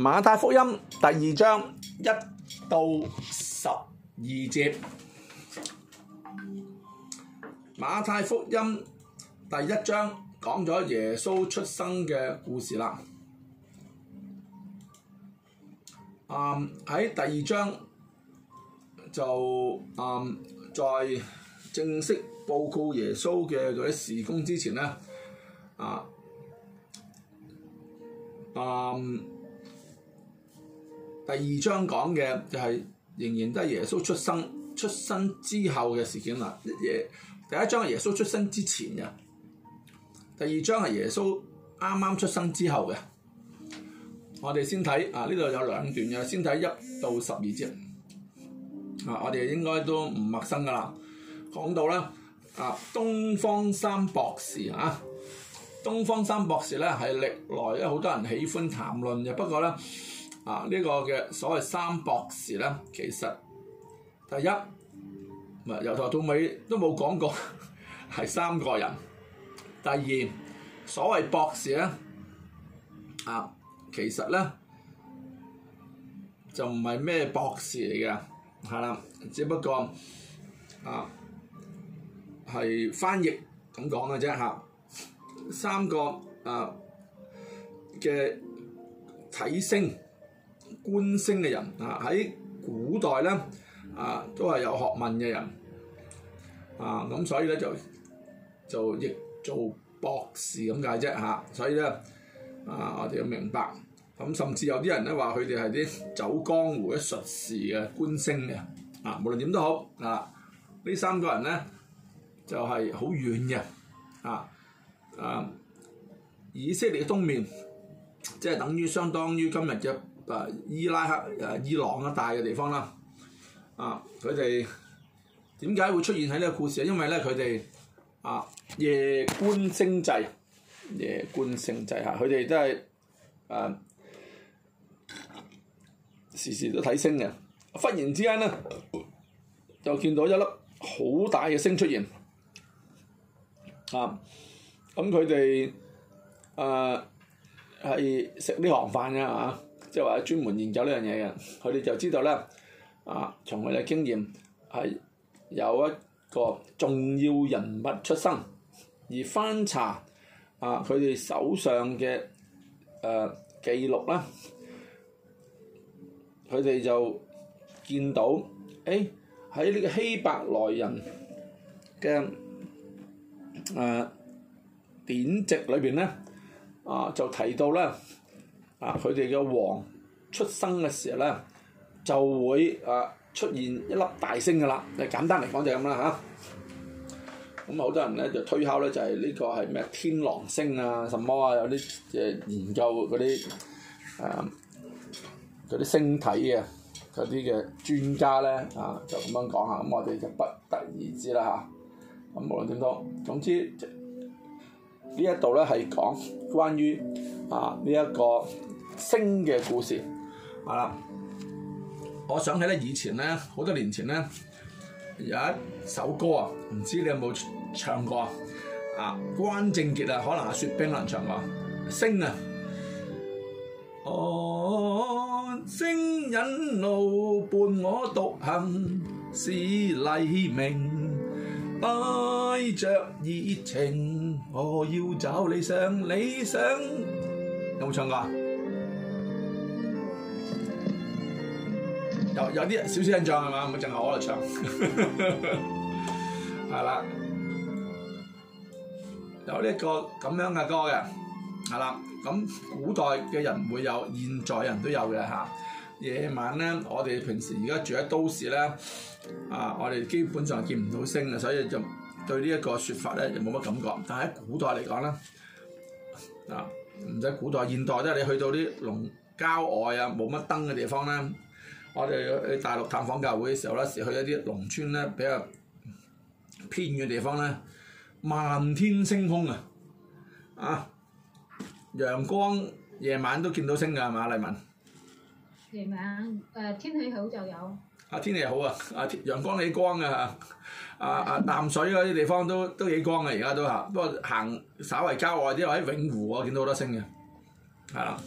馬太福音第二章一到十二節。馬太福音第一章講咗耶穌出生嘅故事啦。嗯，喺第二章就嗯在正式報告耶穌嘅嗰啲事工之前咧，啊，啊、嗯。第二章講嘅就係仍然都係耶穌出生出生之後嘅事件啦。耶第一章係耶穌出生之前嘅，第二章係耶穌啱啱出生之後嘅。我哋先睇啊，呢度有兩段嘅，先睇一到十二節。啊，我哋應該都唔陌生㗎啦。講到咧，啊，東方三博士啊，東方三博士咧係歷來咧好多人喜歡談論嘅，不過咧。啊！呢個嘅所謂三博士咧，其實第一啊，由頭到尾都冇講過係三個人。第二，所謂博士咧，啊，其實咧就唔係咩博士嚟嘅，係啦，只不過啊係翻譯咁講嘅啫嚇，三個啊嘅體聲。觀星嘅人啊，喺古代咧啊，都係有學問嘅人啊，咁所以咧就就亦做博士咁解啫嚇，所以咧啊，我哋要明白，咁、啊、甚至有啲人咧話佢哋係啲走江湖嘅術士嘅觀星嘅啊，無論點都好啊，呢三個人咧就係好遠嘅啊啊，以色列東面即係等於相當於今日嘅。嗱，伊拉克、誒伊朗一帶嘅地方啦，啊，佢哋點解會出現喺呢個故事啊？因為咧，佢哋啊夜觀星際，夜觀星際嚇，佢、啊、哋都係誒、啊、時時都睇星嘅。忽然之間咧，就見到一粒好大嘅星出現，啊，咁佢哋誒係食呢行飯嘅嚇。啊即係話專門研究呢樣嘢嘅，佢哋就知道咧，啊，從佢嘅經驗係有一個重要人物出生，而翻查啊佢哋手上嘅誒、啊、記錄啦，佢哋就見到，誒喺呢個希伯來人嘅誒、啊、典籍裏邊咧，啊就提到咧。啊啊！佢哋嘅王出生嘅時候咧，就會啊出現一粒大星㗎喇。誒簡單嚟講就咁啦嚇。咁、啊、好多人咧就推敲咧就係、是、呢個係咩天狼星啊什麼啊有啲誒研究嗰啲誒啲星體嘅嗰啲嘅專家咧啊就咁樣講下。咁我哋就不得而知啦嚇。咁、啊、無論點都總之呢一度咧係講關於。啊！呢、這、一個星嘅故事啊，我想起咧以前咧，好多年前咧有一首歌啊，唔知你有冇唱過啊？關正傑啊，可能阿、啊、雪冰蘭唱過《星》啊啊、哦。星引路伴我獨行，是黎明帶着熱情，我要找理想，理想。有冇唱過，啊？有有啲少少印象係嘛，咪淨係我嚟唱，係 啦。有呢，一個咁樣嘅歌嘅，係啦。咁古代嘅人會有，現在人都有嘅吓。夜、啊、晚咧，我哋平時而家住喺都市咧，啊，我哋基本上見唔到星嘅，所以就對呢一個說法咧，就冇乜感覺。但係喺古代嚟講咧，啊。唔使古代，現代即係你去到啲農郊外啊，冇乜燈嘅地方咧。我哋去大陸探訪教會嘅時候咧，時去一啲農村咧，比較偏遠嘅地方咧，漫天星空啊！啊，陽光夜晚都見到星㗎，係嘛，麗文？夜晚誒、啊、天氣好就有。啊天氣好啊！啊陽光幾光㗎、啊？啊啊啊！淡水嗰啲地方都都幾光嘅，而家都行。不過行稍為郊外啲，或者永湖我見到好多星嘅，係啦。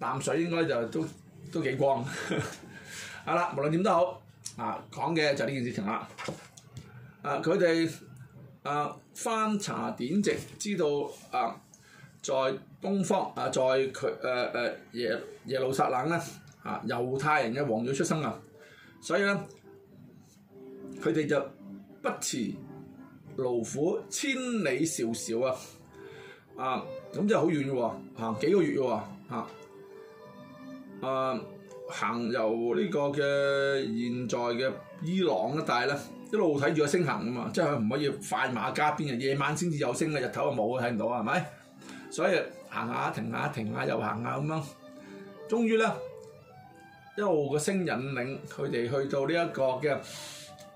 淡水應該就都都幾光。係啦，無論點都好，啊講嘅就係呢件事情啦。啊，佢哋啊翻查典籍，知道啊在東方啊在佢誒誒耶耶路撒冷咧，啊猶太人嘅王女出生啊，所以咧。佢哋就不辭勞苦，千里迢少，少啊！啊，咁真係好遠喎，啊，行幾個月喎，啊，啊，行由呢個嘅現在嘅伊朗啦，但係咧一路睇住個星行啊嘛，即係佢唔可以快馬加鞭啊，夜晚先至有星嘅，日頭啊冇睇唔到啊，係咪？所以行一下停下停下又行下咁樣，終於咧一路個星引領佢哋去到呢一個嘅。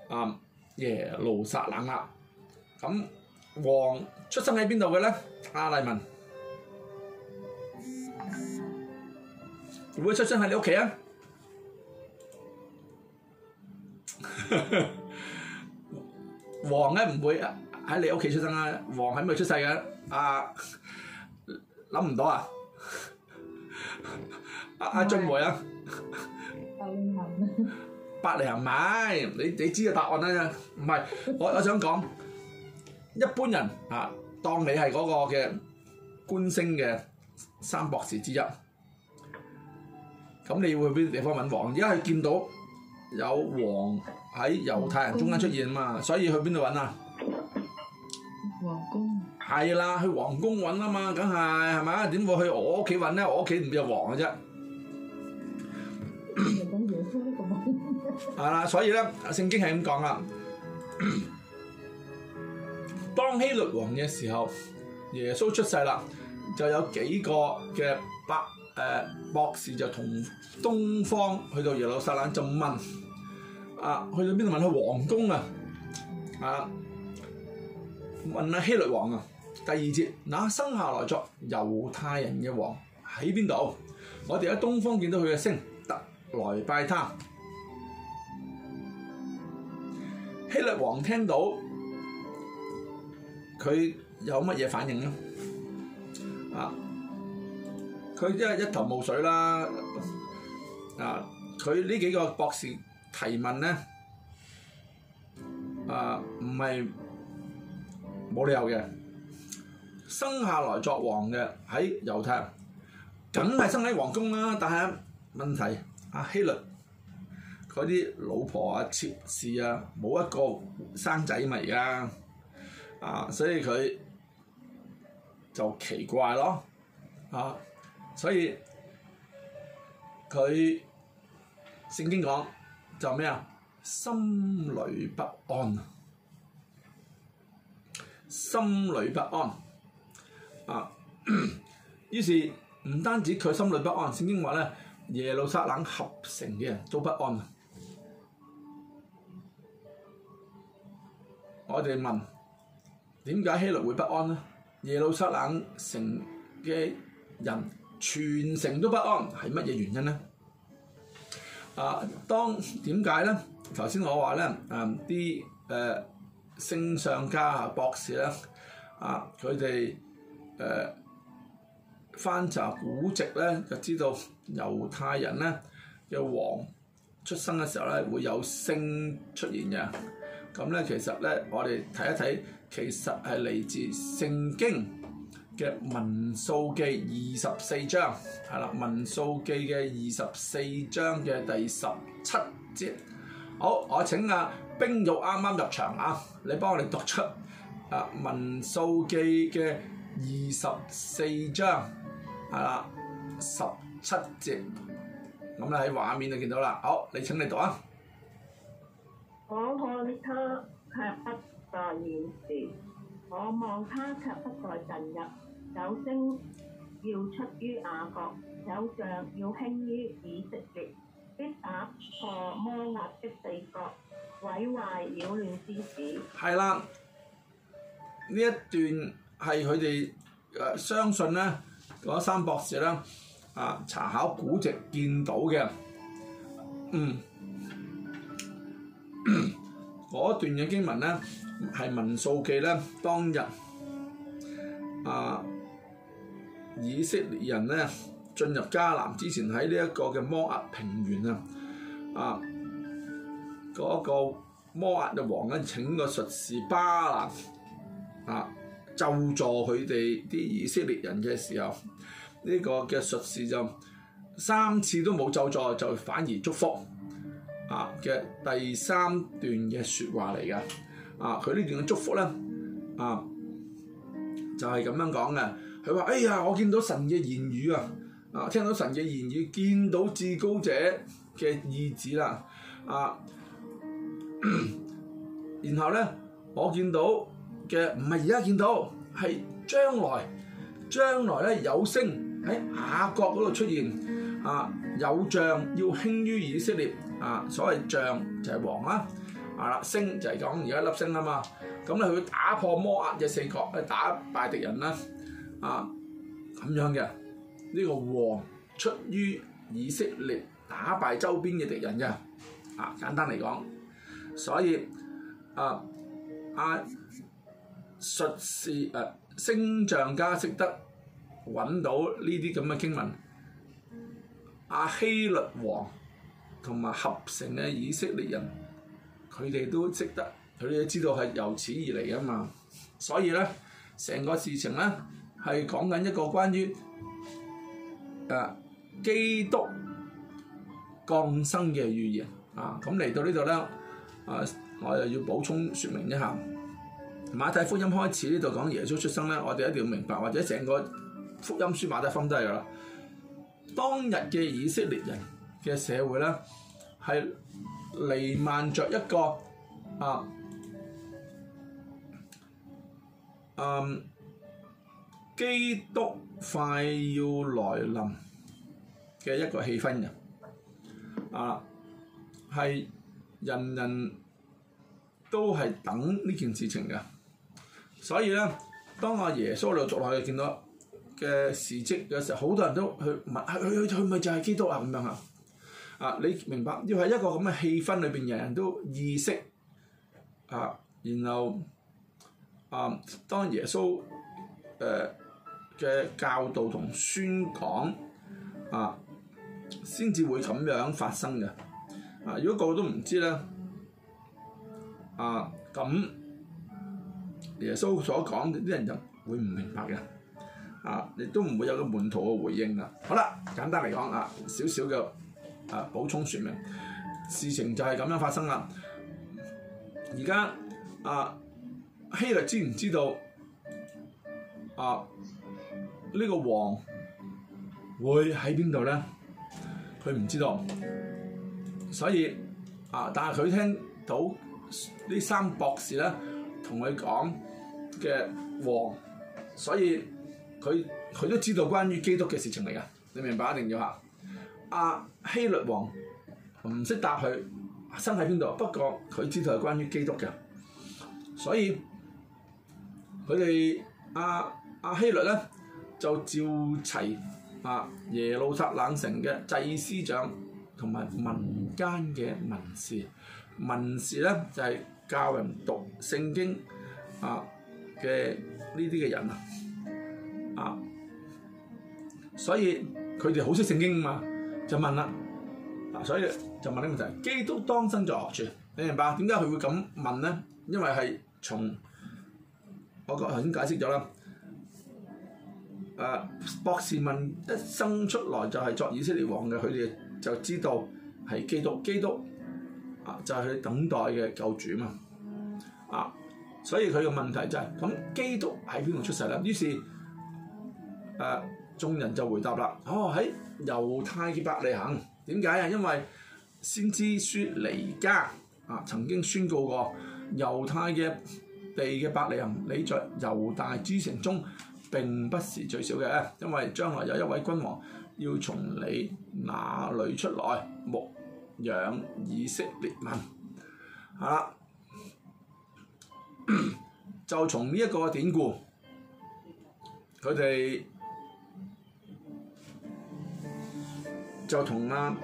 啊，耶路撒冷啊！咁王出生喺邊度嘅咧？阿麗文，會唔會出生喺你屋企啊？王咧唔會喺你屋企出生啊。王喺邊度出世嘅？啊，諗唔到啊！阿阿俊梅啊！阿文。百零米，你你知個答案啦啫。唔係，我我想講，一般人嚇當你係嗰個嘅官星嘅三博士之一，咁你會去邊啲地方揾王？而家見到有王喺猶太人中間出現嘛，所以去邊度揾啊？王宮係啦，去王宮揾啊嘛，梗係係咪啊？點會去我屋企揾咧？我屋企唔會有王嘅啫。又講野㗎，咁啊！係、啊、所以咧，聖經係咁講啦。當希律王嘅時候，耶穌出世啦，就有幾個嘅百誒博士就同東方去到耶路撒冷，浸問啊，去到邊度問佢王宮啊？啊，問阿希律王啊。第二節嗱、啊，生下來作猶太人嘅王喺邊度？我哋喺東方見到佢嘅星，特來拜他。希律王聽到佢有乜嘢反應咧？啊，佢真係一頭霧水啦！啊，佢呢幾個博士提問呢，啊，唔係冇理由嘅，生下來作王嘅喺猶太人，梗係生喺皇宮啦。但係問題阿、啊、希律。嗰啲老婆啊、妾侍啊，冇一個生仔嘛，而家啊，所以佢就奇怪咯，啊，所以佢聖經講就咩啊？心裏不安啊，心裏不安啊，於是唔單止佢心裏不安，聖經話咧，耶路撒冷合成嘅人都不安。我哋問點解希律會不安咧？耶路撒冷城嘅人全城都不安，係乜嘢原因呢？啊，當點解呢？頭先我話呢誒啲誒聖上家學博士呢，啊，佢哋誒翻查古籍呢，就知道猶太人呢，嘅王出生嘅時候呢，會有星出現嘅。咁咧，其實咧，我哋睇一睇，其實係嚟自聖經嘅民數記二十四章，係啦，民數記嘅二十四章嘅第十七節。好，我請阿冰玉啱啱入場啊，你幫我哋讀出啊民數記嘅二十四章，係啦，十七節。咁咧喺畫面就見到啦。好，你請你讀啊。我看他卻不在現時，我望他卻不在近日。有星要出於雅各，有杖要興於以色列。必打破摩押的四角，毀壞擾亂之子。係啦，呢一段係佢哋誒相信咧，嗰三博士咧啊查考古籍見到嘅，嗯。嗰 段嘅經文咧，係民數記咧，當日啊，以色列人咧進入迦南之前喺呢一個嘅摩亞平原啊，啊嗰一個摩亞嘅王恩請個術士巴蘭啊，咒助佢哋啲以色列人嘅時候，呢、呢個嘅術士就三次都冇咒助，就反而祝福。啊嘅第三段嘅說話嚟噶，啊佢呢段嘅祝福咧，啊就係、是、咁樣講嘅。佢話：哎呀，我見到神嘅言語啊，啊聽到神嘅言語，見到至高者嘅意旨啦，啊，然後咧我見到嘅唔係而家見到，係將來將來咧有星喺雅各嗰度出現，啊有杖要興於以色列。啊，所謂象就係王啦，係啦，星就係講而家粒星啊嘛，咁咧佢打破摩押嘅四角，去打敗敵人啦，啊咁樣嘅呢個王出於以色列打敗周邊嘅敵人嘅，啊簡單嚟講，所以啊阿術士誒星象家識得揾到呢啲咁嘅經文，阿希律王，同埋合成嘅以色列人，佢哋都識得，佢哋都知道係由此而嚟啊嘛。所以咧，成個事情咧係講緊一個關於誒、啊、基督降生嘅預言啊。咁嚟到呢度咧，誒、啊、我又要補充說明一下，《馬太福音》開始呢度講耶穌出生咧，我哋一定要明白，或者成個福音書《馬太福音》都係啦。當日嘅以色列人。嘅社會咧係瀰漫著一個啊誒基督快要來臨嘅一個氣氛嘅啊，係人人都係等呢件事情嘅，所以咧當阿耶穌在作落去見到嘅事蹟嘅時候，好多人都去問，啊，佢佢佢咪就係基督啊？咁樣啊！啊！你明白要係一個咁嘅氣氛裏邊，人人都意識啊，然後啊，當耶穌誒嘅教導同宣講啊，先至會咁樣發生嘅啊！如果個個都唔知咧啊，咁耶穌所講啲人就會唔明白嘅啊，亦都唔會有個門徒嘅回應啦。好啦，簡單嚟講啊，少少嘅。啊，補充說明，事情就係咁樣發生啦。而家啊，希律知唔知道啊呢個王會喺邊度咧？佢唔知道，所以啊，但係佢聽到呢三博士咧，同佢講嘅王，所以佢佢都知道關於基督嘅事情嚟噶，你明白一定要下。阿、啊、希律王唔識答佢，生喺邊度？不過佢知道係關於基督嘅，所以佢哋阿阿希律咧就召齊啊耶路撒冷城嘅祭司長同埋民間嘅文士。文士咧就係、是、教人讀聖經啊嘅呢啲嘅人啊，啊，所以佢哋好識聖經啊嘛～就問啦，嗱、啊，所以就問呢個問題。基督當生在何處？你明白？點解佢會咁問咧？因為係從我個頭先解釋咗啦。誒、啊，博士問一生出來就係作以色列王嘅，佢哋就知道係基督。基督啊，就係、是、佢等待嘅救主嘛。啊，所以佢個問題就係、是、咁、啊，基督喺邊度出世咧？於是誒，眾、啊、人就回答啦。哦，喺猶太嘅伯利恒點解啊？因為先知書尼嘉啊曾經宣告過，猶太嘅地嘅伯利恒，你在猶大之城中並不是最少嘅，因為將來有一位君王要從你那裏出來牧養以色列民。係、啊、就從呢一個典故，佢哋。就同阿、啊、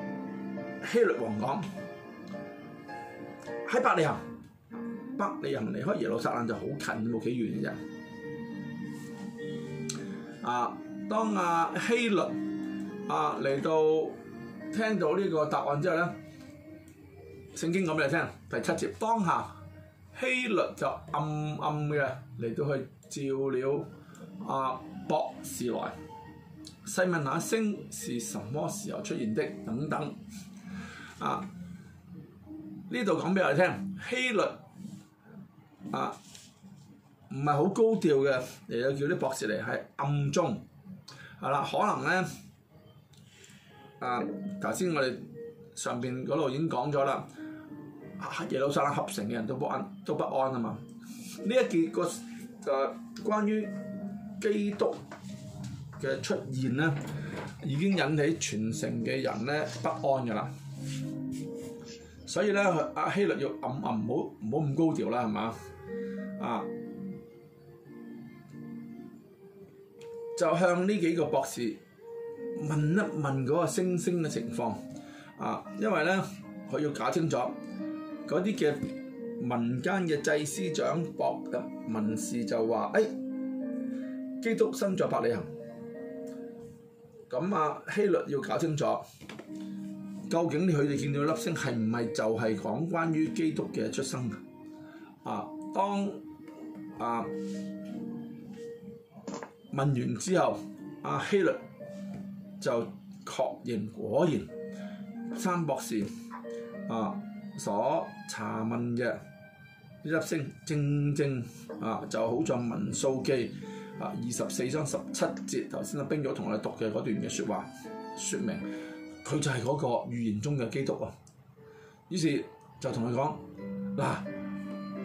希律王講，喺伯利恆，伯利恆離開耶路撒冷就好近，冇幾遠嘅。啊，當阿、啊、希律啊嚟到聽到呢個答案之後咧，聖經講俾你聽，第七節，當下希律就暗暗嘅嚟到去召了阿、啊、博士來。細問下星是什麼時候出現的等等，啊呢度，講俾我哋聽，希律啊唔係好高調嘅，嚟到叫啲博士嚟係暗中係啦、啊，可能咧啊頭先我哋上邊嗰度已經講咗啦，耶路撒冷合城嘅人都不安都不安啊嘛，呢一節個誒關於基督。嘅出現咧，已經引起全城嘅人咧不安噶啦，所以咧阿希律要暗暗，唔好唔好咁高調啦，係嘛啊？就向呢幾個博士問一問嗰個星星嘅情況啊，因為咧佢要搞清楚嗰啲嘅民間嘅祭司長博、博嘅文士就話：誒，基督生在伯利恆。」咁啊，希律要搞清楚，究竟佢哋見到粒星係唔係就係講關於基督嘅出生？啊，當啊問完之後，阿、啊、希律就確認，果然，三博士啊所查問嘅粒星正正啊，就好像文士記，啊，二十四章十七節，頭先阿兵咗同我哋讀嘅嗰段嘅説話，説明佢就係嗰個預言中嘅基督啊。於是就同佢講：嗱，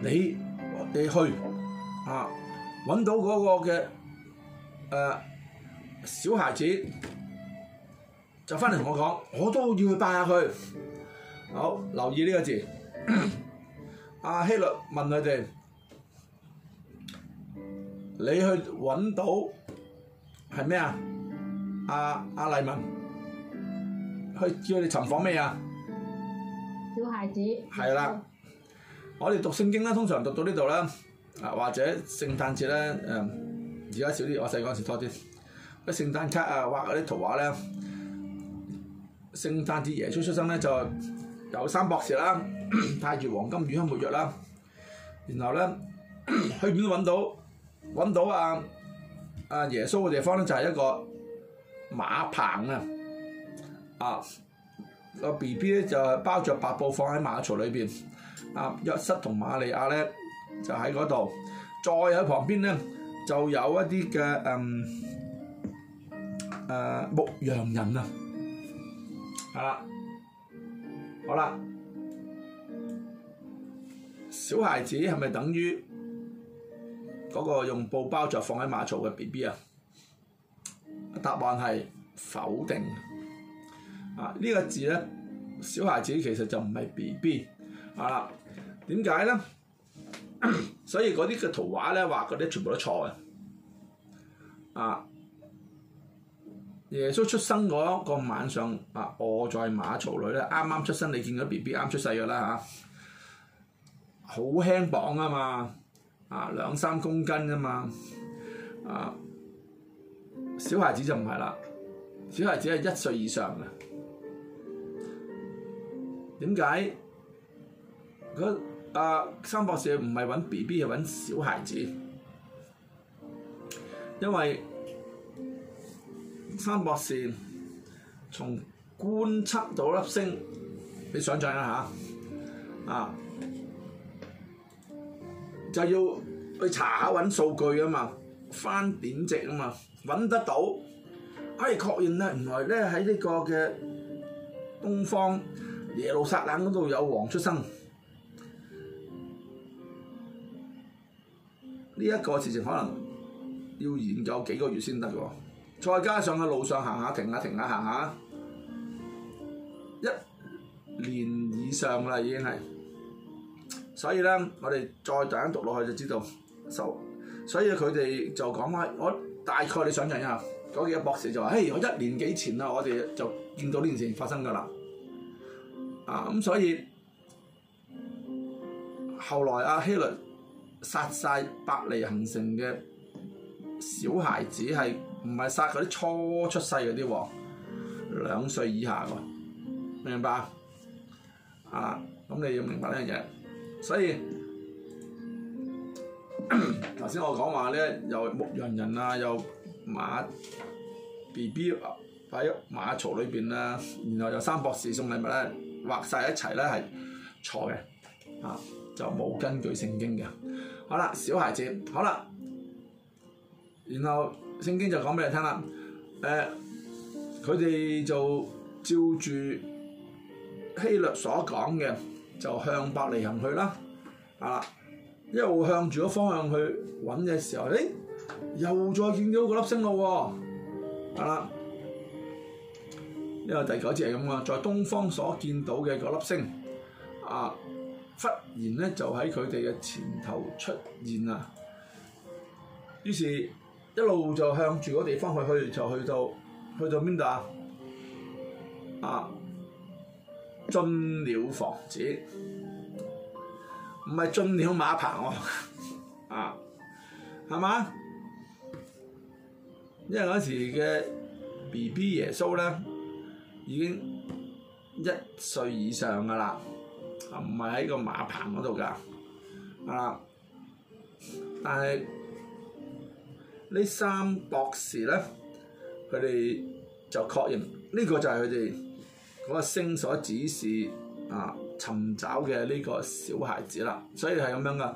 你哋去啊，揾到嗰個嘅誒小孩子，就翻嚟同我講，我都要去拜下佢。好，留意呢個字。阿、啊、希律問佢哋，你去揾到係咩啊？阿、啊、阿麗文去叫佢哋尋訪咩啊？小孩子。係啦，我哋讀聖經咧，通常讀到呢度啦，啊或者聖誕節咧，誒而家少啲，我細個嗰時多啲。啲聖誕卡啊，畫嗰啲圖畫咧，聖誕節耶穌出生咧就有三博士啦，帶住 黃金、乳香、沒藥啦，然後咧 去邊度揾到。揾到啊，啊耶穌嘅地方呢，就係一個馬棚啊！啊個 B B 咧就包着白布放喺馬槽裏面。啊約瑟同瑪利亞呢，就喺嗰度，再喺旁邊呢，就有一啲嘅、嗯啊、牧羊人啊，係、啊、啦，好啦，小孩子係咪等於？嗰個用布包着放喺馬槽嘅 B B 啊，答案係否定啊！呢個字咧，小孩子其實就唔係 B B 啊？點解咧？所以嗰啲嘅圖畫咧，話嗰啲全部都錯嘅啊！耶穌出生嗰個晚上啊，臥在馬槽裏咧，啱啱出生，你見到 B B 啱出世嘅啦嚇，好輕磅啊嘛～啊，兩三公斤啫嘛，啊，小孩子就唔係啦，小孩子係一歲以上嘅，點解？嗰、啊、三博士唔係揾 BB，係揾小孩子，因為三博士從觀測到粒星，你想像一下，啊。就要去查下揾數據啊嘛，翻典籍啊嘛，揾得到，可、哎、以確認咧，原來咧喺呢個嘅東方耶路撒冷嗰度有王出生。呢、這、一個事情可能要研究幾個月先得喎，再加上喺路上行下停下停下行下，一年以上啦已經係。所以咧，我哋再大讀一讀落去就知道，所、so, 所以佢哋就講開，我大概你想像一下，嗰幾個博士就話：誒、hey, 我一年幾前啦，我哋就見到呢件事情發生噶啦。啊，咁所以後來阿希律殺晒伯利恆城嘅小孩子，係唔係殺嗰啲初出世嗰啲喎？兩歲以下喎，明白？啊，咁你要明白呢樣嘢。所以頭先我講話咧，又牧羊人啊，又馬 B B 喺馬槽裏邊啦，然後又三博士送禮物咧，畫晒一齊咧，係錯嘅，啊就冇根據聖經嘅。好啦，小孩子，好啦，然後聖經就講俾你聽啦，誒佢哋就照住希律所講嘅。就向伯利恆去啦，啊一路向住個方向去揾嘅時候，誒、欸、又再見到、個粒星咯喎，係啦，因為第九節係咁嘅，在東方所見到嘅嗰粒星，啊忽然咧就喺佢哋嘅前頭出現啦，於是，一路就向住個地方去去，就去到去到邊度啊？啊？進了房子，唔係進了馬棚啊！啊，係嘛？因為嗰時嘅 B B 耶穌咧，已經一歲以上噶啦，唔係喺個馬棚嗰度噶啊！但係呢三博士咧，佢哋就確認呢個就係佢哋。嗰個星所指示啊，尋找嘅呢個小孩子啦，所以係咁樣噶。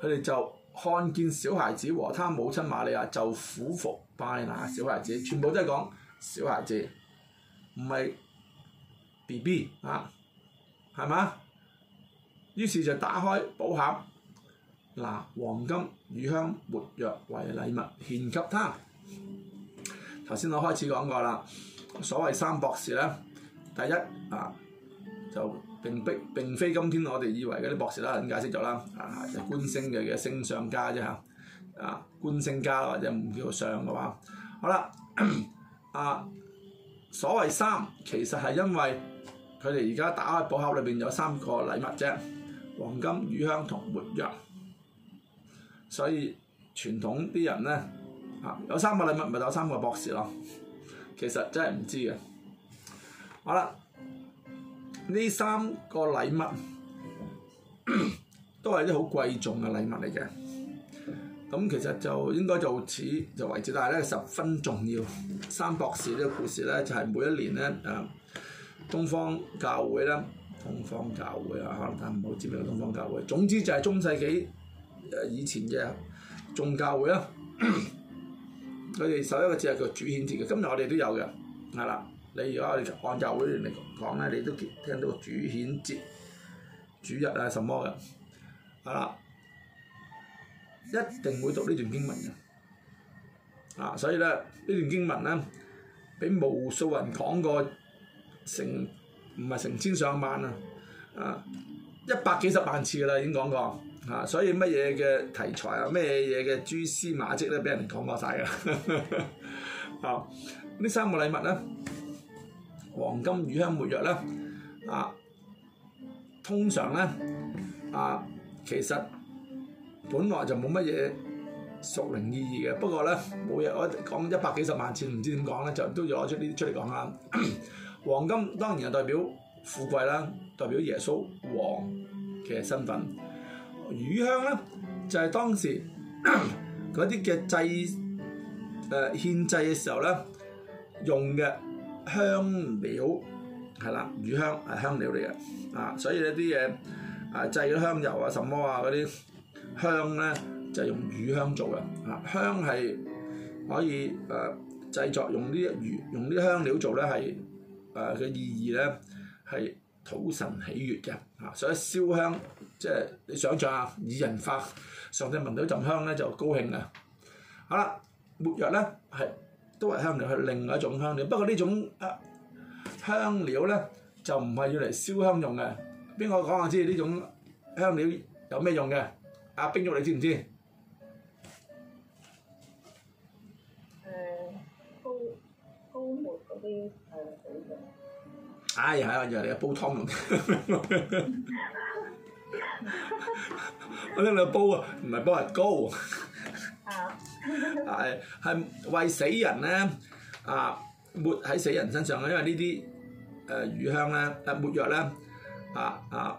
佢哋就看見小孩子和他母親馬利亞，就俯伏拜那小孩子，全部都係講小孩子，唔係 B B 啊，係嘛？於是就打開寶盒，拿黃金、乳香、沒藥為禮物獻給他。頭先我開始講過啦，所謂三博士咧。第一啊，就並並非今天我哋以為嗰啲博士啦，點解釋咗啦？啊，就觀星嘅嘅星相家啫嚇，啊觀星家或者唔叫相嘅話，好啦，啊所謂三其實係因為佢哋而家打開寶盒裏邊有三個禮物啫，黃金、乳香同沒藥，所以傳統啲人咧啊有三個禮物咪有三個博士咯，其實真係唔知嘅。好啦，呢三個禮物都係啲好貴重嘅禮物嚟嘅，咁其實就應該就此就為止，但係咧十分重要。三博士呢個故事咧，就係、是，每一年咧，誒，東方教會啦，東方教會啊，大家唔好知咩東方教會，總之就係中世紀誒以前嘅眾教會啦、啊，佢哋首一個節係叫主顯節嘅，今日我哋都有嘅，係啦。你如果按照集會嚟講咧，你都見聽到主顯節、主日啊什麼嘅，係啦，一定會讀呢段經文嘅。啊，所以咧呢段經文咧，俾無數人講過成唔係成千上萬啊，啊一百幾十萬次噶啦已經講過，啊所以乜嘢嘅題材啊咩嘢嘅蛛絲馬跡都俾人講過曬嘅。啊，呢三個禮物咧。黃金、乳香、沒藥咧，啊，通常咧，啊，其實本來就冇乜嘢屬靈意義嘅。不過咧，每日我講一百幾十萬次，唔知點講咧，就都要攞出呢啲出嚟講下 黃金當然係代表富貴啦，代表耶穌王嘅身份。乳香咧，就係、是、當時嗰啲嘅祭誒獻、呃、祭嘅時候咧用嘅。香料係啦，乳香係香料嚟嘅，啊，所以呢啲嘢啊製咗香油啊、什麼啊嗰啲香咧，就係、是、用乳香做嘅。啊，香係可以誒、啊、製作用呢啲乳用呢啲香料做咧係誒嘅意義咧係討神喜悅嘅。啊，所以燒香即係、就是、你想象下，以人化上帝聞到一陣香咧就高興嘅。好啦，沒藥咧係。都係香料，係另外一種香料。不過呢種啊香料咧，就唔係要嚟燒香用嘅。邊個講我知呢種香料有咩用嘅？阿冰玉你知唔知？誒，煲煲燜嗰啲誒水嘅。哎呀，係啊，又嚟啊煲湯用。我拎嚟煲啊，唔係煲雲膏。啊！啊！誒係為死人咧，啊抹喺死人身上嘅，因為魚呢啲誒乳香咧、誒、啊、沒藥咧，啊啊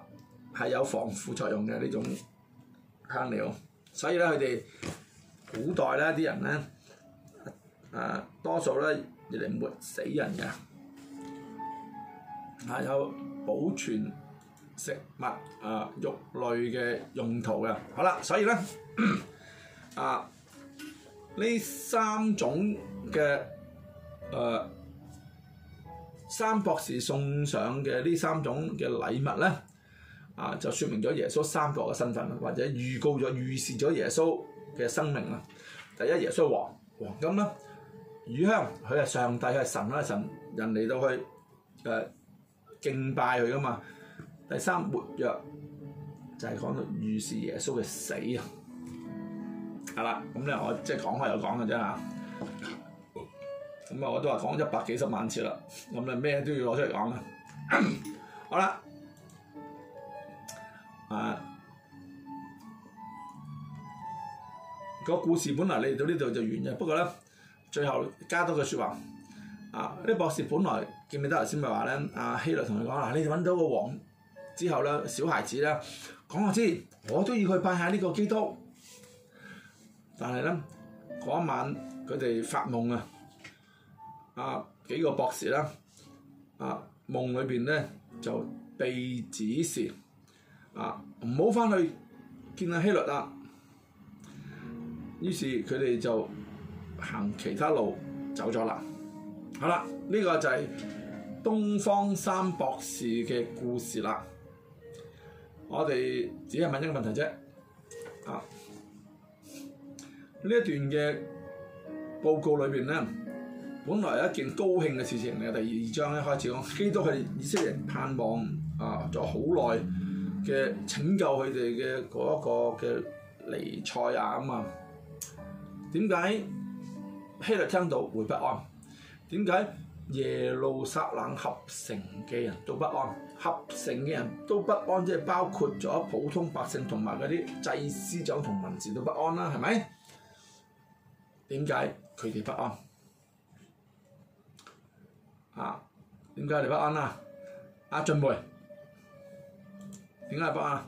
係有防腐作用嘅呢種香料。所以咧，佢哋古代咧啲人咧，啊多數咧嚟抹死人嘅，係、啊、有保存食物啊肉類嘅用途嘅。好啦，所以咧 啊～呢三種嘅誒、呃、三博士送上嘅呢三種嘅禮物咧，啊、呃、就説明咗耶穌三國嘅身份，或者預告咗預示咗耶穌嘅生命啦。第一，耶穌王黃金啦，乳香佢係上帝係神啦神人嚟到去誒、呃、敬拜佢噶嘛。第三，活約就係、是、講到預示耶穌嘅死啊。啦，咁咧、 嗯、我即係講開又講嘅啫吓，咁啊我都話講一百幾十萬次啦，咁啊咩都要攞出嚟講啦，好啦，啊、那個故事本來嚟到呢度就完嘅，不過咧最後加多句說話，啊啲博士本來記唔記得頭先咪話咧，阿、啊、希律同佢講啦，你揾到個王之後咧，小孩子咧講我知，我都要去拜下呢個基督。但係咧，嗰一晚佢哋發夢啊！啊幾個博士啦、啊，啊夢裏邊咧就被指示，啊唔好翻去見阿、啊、希律啦。於是佢哋就行其他路走咗啦。好啦，呢、呢個就係東方三博士嘅故事啦。我哋只係問一個問題啫，啊！呢一段嘅報告裏邊咧，本來係一件高興嘅事情嘅。第二章一開始講，基督係以色列人盼望啊，咗好耐嘅拯救佢哋嘅嗰一個嘅彌賽亞啊嘛。點解希律聽到會不安？點解耶路撒冷合城嘅人都不安？合城嘅人都不安，即係包括咗普通百姓同埋嗰啲祭司長同文士都不安啦，係咪？點解佢哋不安？啊？點解你不安啊？阿俊梅點解不安？啊、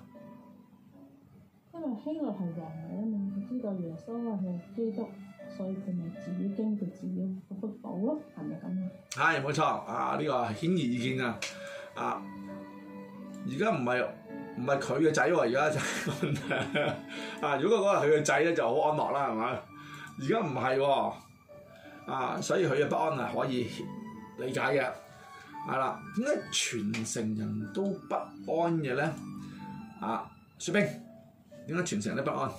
為不安因為希律係王嚟啊嘛，佢知道耶穌係基督，所以佢咪指佢自己，自己福，個不保咯，係咪咁啊？係冇錯，啊呢個顯而易見啊！啊，而家唔係唔係佢嘅仔喎，而家、啊、就係、 啊，如果嗰日係佢嘅仔咧，就好安樂啦，係咪？而家唔係喎，啊，所以佢嘅不安係可以理解嘅，係啦。點解全城人都不安嘅咧？啊，雪冰，點解全城都不安？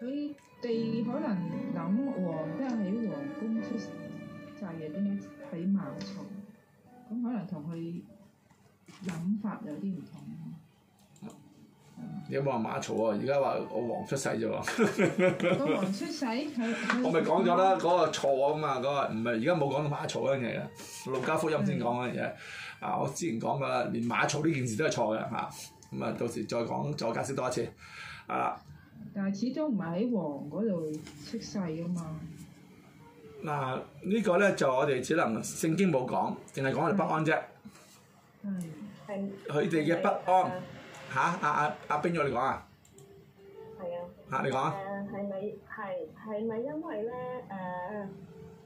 佢哋可能諗皇即係喺皇宮出世嘅，就係喺馬槽？咁可能同佢諗法有啲唔同。有冇話馬槽啊？而家話我王出世啫，我個王出世， 我咪講咗啦，嗰、嗰個錯啊嘛，嗰、嗰個唔係，而家冇講到馬槽嗰樣嘢嘅，路加福音先講嗰樣嘢。啊的，我之前講過啦，連馬槽呢件事都係錯嘅吓，咁啊，到時再講，再解釋多一次啊。但係始終唔係喺王嗰度出世啊嘛。嗱，呢個咧就我哋只能聖經冇講，淨係講我哋不安啫。係佢哋嘅不安。吓，阿啊阿冰玉你講啊？係啊。嚇、啊啊啊！你講啊。誒係咪係係咪因為咧誒、呃？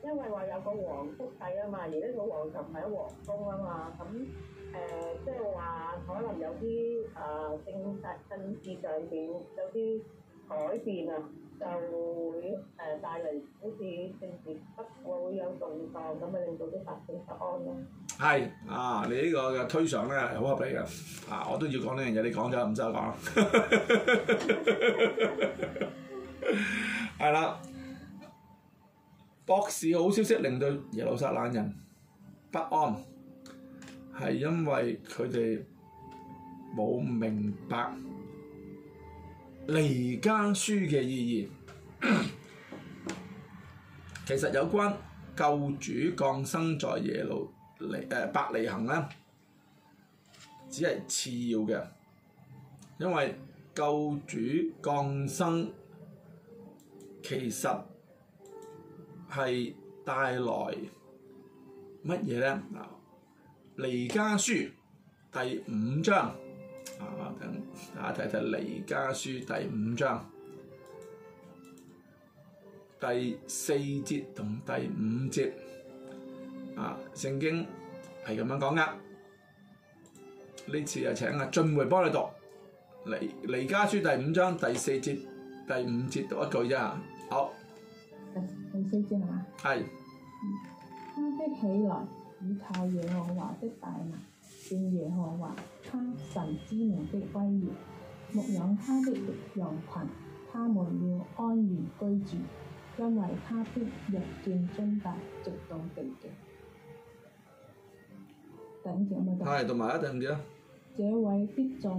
因為話有個皇福帝啊嘛，而家個皇就喺皇宮啊嘛，咁誒即係話可能有啲誒政策，政治上面有啲改變啊，就。好似政時北岸會有動盪，咁啊令到啲百姓不安咯。係啊，你個呢個嘅推想咧係好合理嘅。啊，我都要講呢樣嘢，你講咗唔使我講。係啦， 博士好消息令到耶路撒冷人不安，係因為佢哋冇明白離間書嘅意義。 其實有關救主降生在耶路離伯利恆咧，只係次要嘅，因為救主降生其實係帶來乜嘢咧？嗱，《彌迦書》第五章啊，等啊睇睇《彌迦書》第五章。啊第四節同第五節，啊聖經係咁樣講㗎，呢次又請阿俊梅幫你讀，彌彌迦書第五章第四節第五節讀一句啫，好。第四節啊。係是。他必起來，倚靠耶和華的大能，見耶和華他神之名的威嚴，牧養他的羊群，他們要安然居住。因為他的日見增大，直到地極。第二節啊嘛。係，同埋啊，第二節啊。這位必作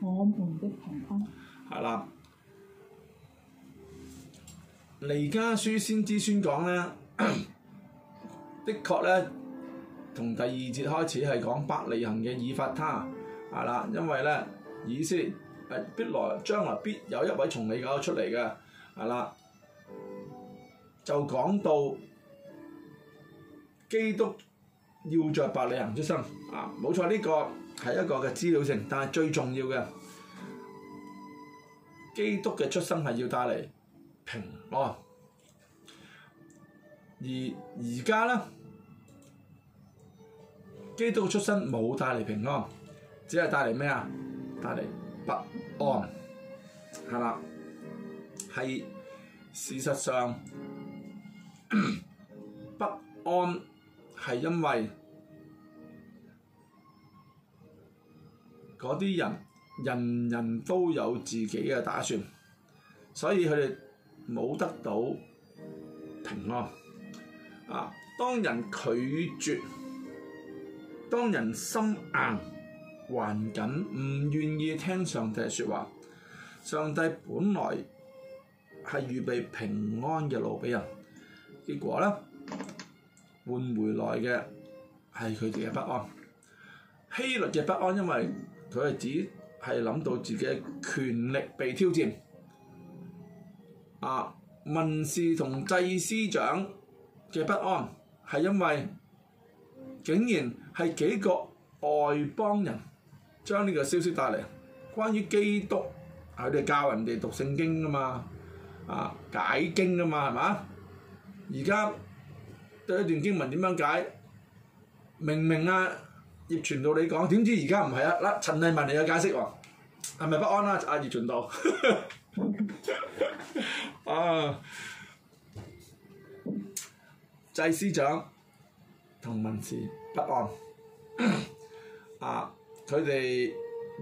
我我們的平安。係啦。彌迦書先知宣講呢，的確呢，從第二節開始係講伯利恆嘅以法他。他係啦，因為呢，意思必來將來必有一位從你嗰度出嚟嘅，係啦。就講到基督要着伯利恆出生，啊，冇錯呢個係一個嘅資料性，但係最重要嘅基督嘅出生係要帶嚟平安，而而家咧基督嘅出生冇帶嚟平安，只係帶嚟咩啊？帶嚟不安，係啦，係事實上。 不安係因為嗰啲人人人都有自己嘅打算，所以佢哋冇得到平安。啊！當人拒絕，當人心硬、還緊，唔願意聽上帝説話，上帝本來係預備平安嘅路俾人。結果咧，換回來嘅係佢哋嘅不安，希律嘅不安，因為佢係只係諗到自己嘅權力被挑戰。啊，文士同祭司長嘅不安係因為竟然係幾個外邦人將呢個消息帶嚟，關於基督，佢哋教人哋讀聖經㗎嘛，啊解經㗎嘛，係嘛？而家對一段經文點樣解？明明啊葉傳道你講，點知而家唔係啊？嗱，陳麗文你有解釋喎，啊，係咪不，不安啦，啊？就係葉傳道， 啊祭司長同文士不安啊，佢哋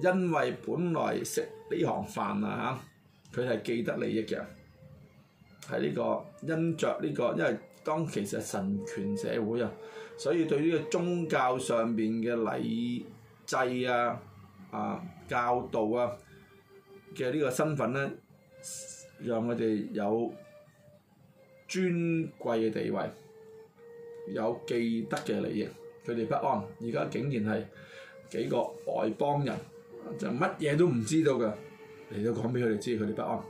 因為本來食呢行飯啊嚇，佢係既得利益嘅。係呢個因着呢個，因為當其時係神權社會啊，所以對於宗教上邊嘅禮制啊、啊教導啊嘅呢個身份咧，讓佢哋有尊貴嘅地位，有既得嘅利益，佢哋不安。而家竟然係幾個外邦人，就乜嘢都唔知道嘅嚟到講俾佢哋知，佢哋不安。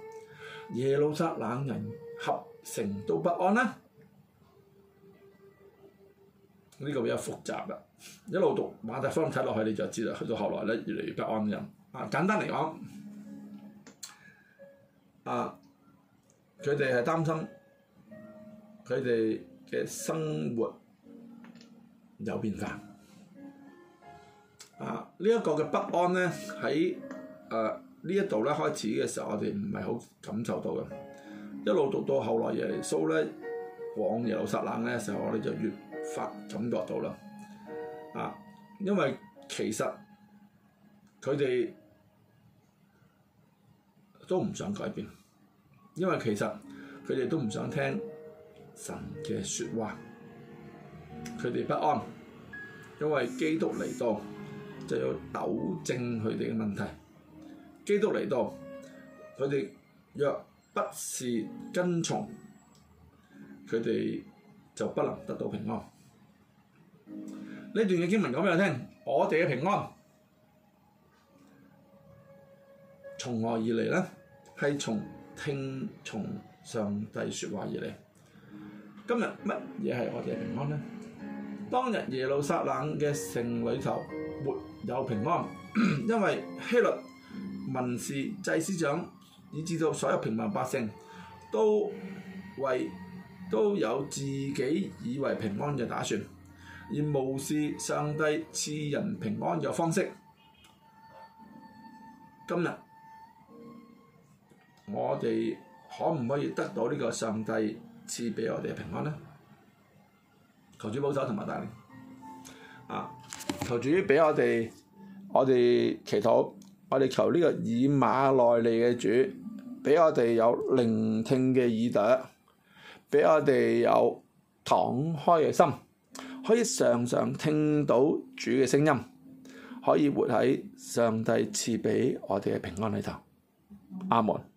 耶路撒冷人。合成都不安啦，呢、這個比較複雜啦。一路讀馬太福音睇落去，你就知啦。去到後來咧，越嚟越不安人。啊，簡單嚟講，啊，佢哋係擔心佢哋嘅生活有變化。啊，呢、這、一個嘅不安咧，喺誒、啊、呢一度咧開始嘅時候，我哋唔係好感受到嘅。一路讀到後來耶穌，耶穌咧往耶路撒冷嘅時候，我哋就越發感覺到啦，啊，因為其實佢哋都唔想改變，因為其實佢哋都唔想聽神嘅説話，佢哋不安，因為基督嚟到就要糾正佢哋嘅問題。基督嚟到，佢哋若不是跟從，佢哋就不能得到平安。呢段嘅經文講俾我聽，我哋嘅平安從何而嚟呢？係從聽從上帝説話而嚟。今日乜嘢係我哋嘅平安呢？當日耶路撒冷嘅城裏頭沒有平安， 因為希律、文士、祭司長以至到所有平民百姓都為都有自己以為平安嘅打算，而無視上帝賜人平安嘅方式。今日我哋可唔可以得到呢個上帝賜俾我哋嘅平安呢？求主保守同埋帶領，啊！求主俾我哋，我哋祈禱，我哋求呢個以馬內利嘅主。畀我哋有聆聽嘅耳朵，畀我哋有敞開嘅心，可以常常聽到主嘅聲音，可以活喺上帝賜畀我哋嘅平安裏頭，阿門。